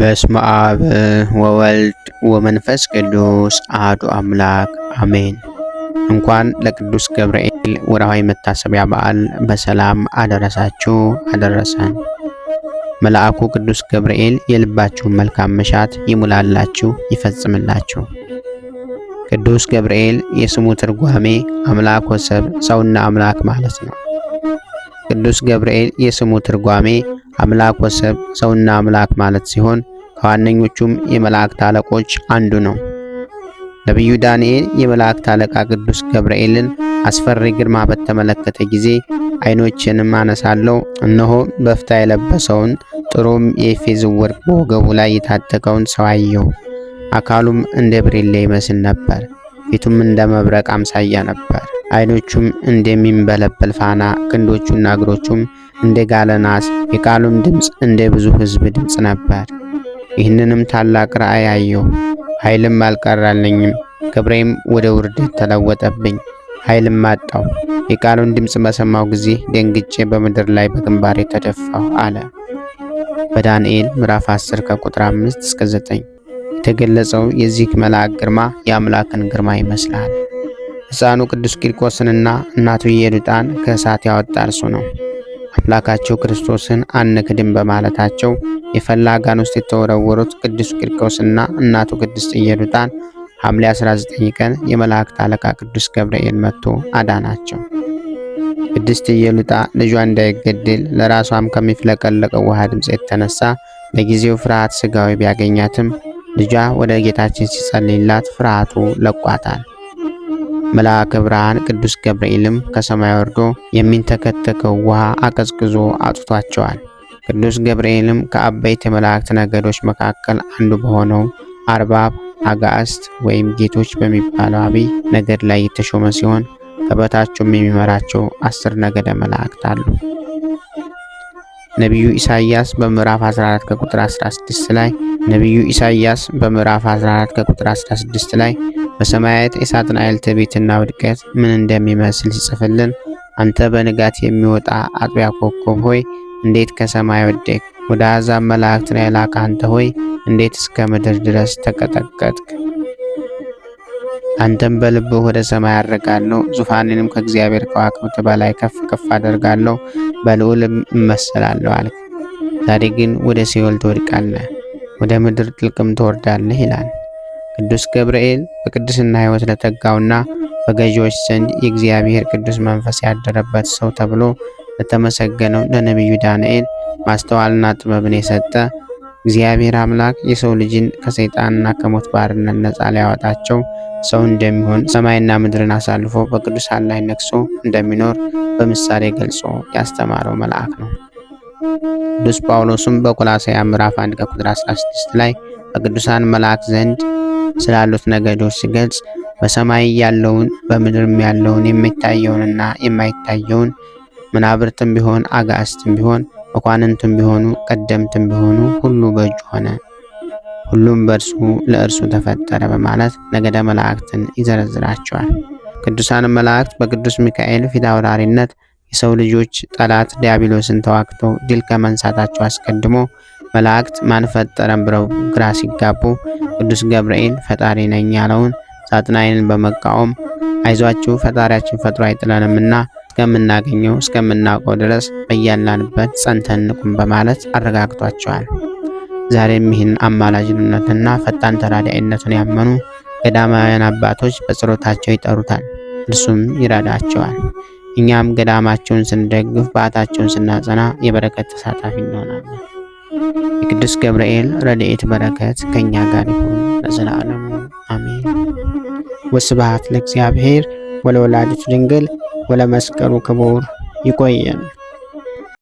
በስመ አብ ወወልድ ወመንፈስ ቅዱስ አህዶ አምላክ አሜን። እንኳን ለቅዱስ ገብርኤል ወርሃዊ መታሰቢያ በዓል በሰላም አደረሳችሁ አደረሰን። መልአኩ ቅዱስ ገብርኤል የልባችሁን መልካም መሻት ይሙላላችሁ ይፈጽምላችሁ። ቅዱስ ገብርኤል የስሙ ትርጓሜ አምላክ ወሰብ ሰውና አምላክ ማለት ነው። ቅዱስ ገብርኤል የስሙ ትርጓሜ አምላክ ወሰብ ሰውና አምላክ ማለት ሲሆን ከዋነኞቹም የመላእክት አለቆች አንዱ ነው። ነቢዩ ዳንኤል የመላእክት አለቃ ቅዱስ ገብርኤልን አስፈሪ ግርማ በተመለከተ ጊዜ ዓይኖችንም አነሳለሁ፣ እነሆ በፍታ የለበሰውን ጥሩም የኤፌዝ ወርቅ በወገቡ ላይ የታጠቀውን ሰው አየሁ። አካሉም እንደ ብሬሌ ይመስል ነበር፣ ፊቱም እንደ መብረቅ አምሳያ ነበር። አይኖቹም እንደሚንበለበል ፋና ክንዶቹና እግሮቹም እንደ ጋለ ናስ፣ የቃሉም ድምፅ እንደ ብዙ ሕዝብ ድምፅ ነበር። ይህንንም ታላቅ ራእይ አየሁ። ኃይልም አልቀራልኝም፣ ክብሬም ወደ ውርደት ተለወጠብኝ፣ ኃይልም አጣው። የቃሉን ድምፅ በሰማው ጊዜ ደንግጬ በምድር ላይ በግንባሬ ተደፋሁ አለ። በዳንኤል ምዕራፍ 10 ከቁጥር 5 እስከ 9 የተገለጸው የዚህ መልአክ ግርማ የአምላክን ግርማ ይመስላል። ሕፃኑ ቅዱስ ቂርቆስንና እናቱ ኢየሉጣን ከእሳት ያወጣ እርሱ ነው። አምላካቸው ክርስቶስን አንክድም በማለታቸው የፈላ አጋን ውስጥ የተወረወሩት ቅዱስ ቂርቆስና እናቱ ቅድስት ኢየሉጣን ሐምሌ 19 ቀን የመላእክት አለቃ ቅዱስ ገብርኤል መጥቶ አዳናቸው። ቅድስት ኢየሉጣ ልጇ እንዳይገደል ለራሷም ከሚፍለቀለቀው ውሃ ድምፅ የተነሳ ለጊዜው ፍርሃት ስጋዊ ቢያገኛትም ልጇ ወደ ጌታችን ሲጸልይላት ፍርሃቱ ለቋታል። መልአከ ብርሃን ቅዱስ ገብርኤልም ከሰማይ ወርዶ የሚንተከተከው ውሃ አቀዝቅዞ አጥቷቸዋል። ቅዱስ ገብርኤልም ከአበይት የመላእክት ነገዶች መካከል አንዱ በሆነው አርባብ አጋእስት ወይም ጌቶች በሚባለው አብይ ነገድ ላይ የተሾመ ሲሆን ከበታቸውም የሚመራቸው አስር ነገደ መላእክት አሉ። ነቢዩ ኢሳይያስ በምዕራፍ 14 ከቁጥር 16 ላይ ነቢዩ ኢሳይያስ በምዕራፍ 14 ከቁጥር 16 ላይ በሰማያት የሳጥናኤል ትዕቢትና ውድቀት ምን እንደሚመስል ሲጽፍልን አንተ በንጋት የሚወጣ አጥቢያ ኮከብ ሆይ እንዴት ከሰማይ ወደቅ? ወደ አሕዛብ መላእክትን ያላክህ አንተ ሆይ እንዴት እስከ ምድር ድረስ ተቀጠቀጥክ? አንተም በልብህ ወደ ሰማይ አድርጋለሁ፣ ዙፋኔንም ከእግዚአብሔር ከዋክብት በላይ ከፍ ከፍ አደርጋለሁ በልዑልም እመሰላለሁ አልክ። ዛሬ ግን ወደ ሲኦል ትወድቃለህ፣ ወደ ምድር ጥልቅም ትወርዳለህ ይላል ቅዱስ ገብርኤል። በቅድስና ሕይወት ለተጋውና በገዢዎች ዘንድ የእግዚአብሔር ቅዱስ መንፈስ ያደረበት ሰው ተብሎ ለተመሰገነው ለነቢዩ ዳንኤል ማስተዋልና ጥበብን የሰጠ እግዚአብሔር አምላክ የሰው ልጅን ከሰይጣንና ከሞት ባርነት ነፃ ሊያወጣቸው ሰው እንደሚሆን ሰማይና ምድርን አሳልፎ በቅዱሳን ላይ ነግሶ እንደሚኖር በምሳሌ ገልጾ ያስተማረው መልአክ ነው። ቅዱስ ጳውሎስም በቆላስይስ ምዕራፍ 1 ቁጥር 16 ላይ በቅዱሳን መልአክ ዘንድ ስላሉት ነገዶች ሲገልጽ በሰማይ ያለውን በምድርም ያለውን የሚታየውንና የማይታየውን መናብርትም ቢሆን አጋዕስትም ቢሆን መኳንንትም ቢሆኑ ቀደምትም ቢሆኑ ሁሉ በእጁ ሆነ፣ ሁሉም በእርሱ ለእርሱ ተፈጠረ በማለት ነገደ መላእክትን ይዘረዝራቸዋል። ቅዱሳን መላእክት በቅዱስ ሚካኤል ፊት አውራሪነት የሰው ልጆች ጠላት ዲያብሎስን ተዋግተው ድል ከመንሳታቸው አስቀድሞ መላእክት ማን ፈጠረን ብለው ግራ ሲጋቡ ቅዱስ ገብርኤል ፈጣሪ ነኝ ያለውን ሳጥናይንን በመቃወም አይዟችሁ ፈጣሪያችን ፈጥሮ አይጥለንምና እስከምናገኘው እስከምናውቀው ድረስ በያላንበት ጸንተን በማለት አረጋግጧቸዋል። ዛሬም ይህን አማላጅነትና ፈጣን ተራዳይነቱን ያመኑ ገዳማውያን አባቶች በጸሎታቸው ይጠሩታል፣ እርሱም ይረዳቸዋል። እኛም ገዳማቸውን ስንደግፍ፣ በዓታቸውን ስናጸና የበረከት ተሳታፊ እንሆናለን። የቅዱስ ገብርኤል ረድኤት በረከት ከእኛ ጋር ይሁን ለዘላለሙ አሜን። ወስብሐት ለእግዚአብሔር ወለወላዲቱ ድንግል ወለመስቀሉ ክቡር ይቆየን።